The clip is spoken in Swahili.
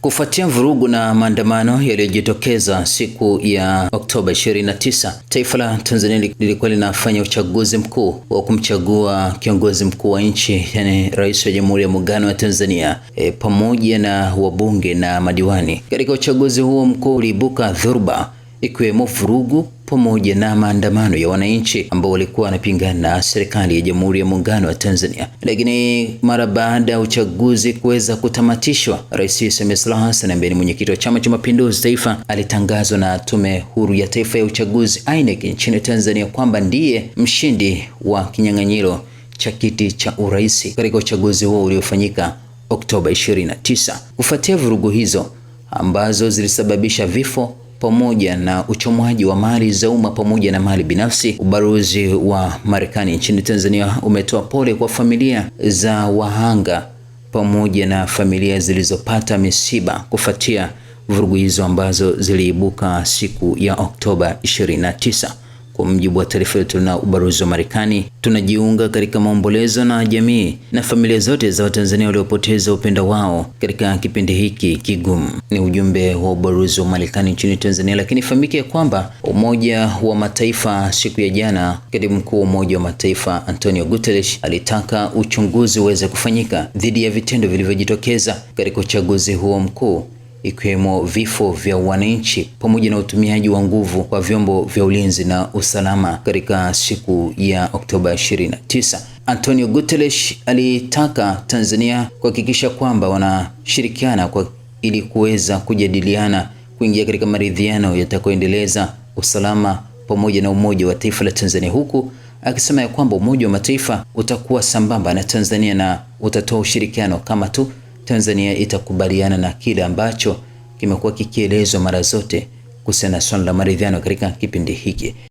Kufuatia vurugu na maandamano yaliyojitokeza siku ya Oktoba 29, taifa la Tanzania lilikuwa linafanya uchaguzi mkuu wa kumchagua kiongozi mkuu wa nchi, yani rais wa Jamhuri ya Muungano wa Tanzania e, pamoja na wabunge na madiwani. Katika uchaguzi huo mkuu uliibuka dhurba ikiwemo vurugu pamoja na maandamano ya wananchi ambao walikuwa wanapingana na serikali ya Jamhuri ya Muungano wa Tanzania. Lakini mara baada ya uchaguzi kuweza kutamatishwa, Rais Samia Suluhu Hassan ambaye ni mwenyekiti wa Chama cha Mapinduzi Taifa alitangazwa na Tume Huru ya Taifa ya Uchaguzi INEC nchini Tanzania kwamba ndiye mshindi wa kinyang'anyiro cha kiti cha urais katika uchaguzi huo uliofanyika Oktoba 29. Kufuatia vurugu hizo ambazo zilisababisha vifo pamoja na uchomwaji wa mali za umma pamoja na mali binafsi. Ubalozi wa Marekani nchini Tanzania umetoa pole kwa familia za wahanga pamoja na familia zilizopata misiba kufuatia vurugu hizo ambazo ziliibuka siku ya Oktoba 29. Kwa mjibu wa taarifa yetu na ubalozi wa Marekani, tunajiunga katika maombolezo na jamii na familia zote za Watanzania waliopoteza upendo wao katika kipindi hiki kigumu. Ni ujumbe wa ubalozi wa Marekani nchini Tanzania. Lakini ya kwamba Umoja wa Mataifa siku ya jana, katibu mkuu wa Umoja wa Mataifa Antonio Guterres alitaka uchunguzi uweze kufanyika dhidi ya vitendo vilivyojitokeza katika uchaguzi huo mkuu ikiwemo vifo vya wananchi pamoja na utumiaji wa nguvu kwa vyombo vya ulinzi na usalama katika siku ya Oktoba 29. Antonio Guterres alitaka Tanzania kuhakikisha kwamba wanashirikiana kwa ili kuweza kujadiliana kuingia katika maridhiano yatakayoendeleza usalama pamoja na umoja wa taifa la Tanzania, huku akisema ya kwamba Umoja wa Mataifa utakuwa sambamba na Tanzania na utatoa ushirikiano kama tu Tanzania itakubaliana na kile ambacho kimekuwa kikielezwa mara zote kuhusiana na swala la maridhiano katika kipindi hiki.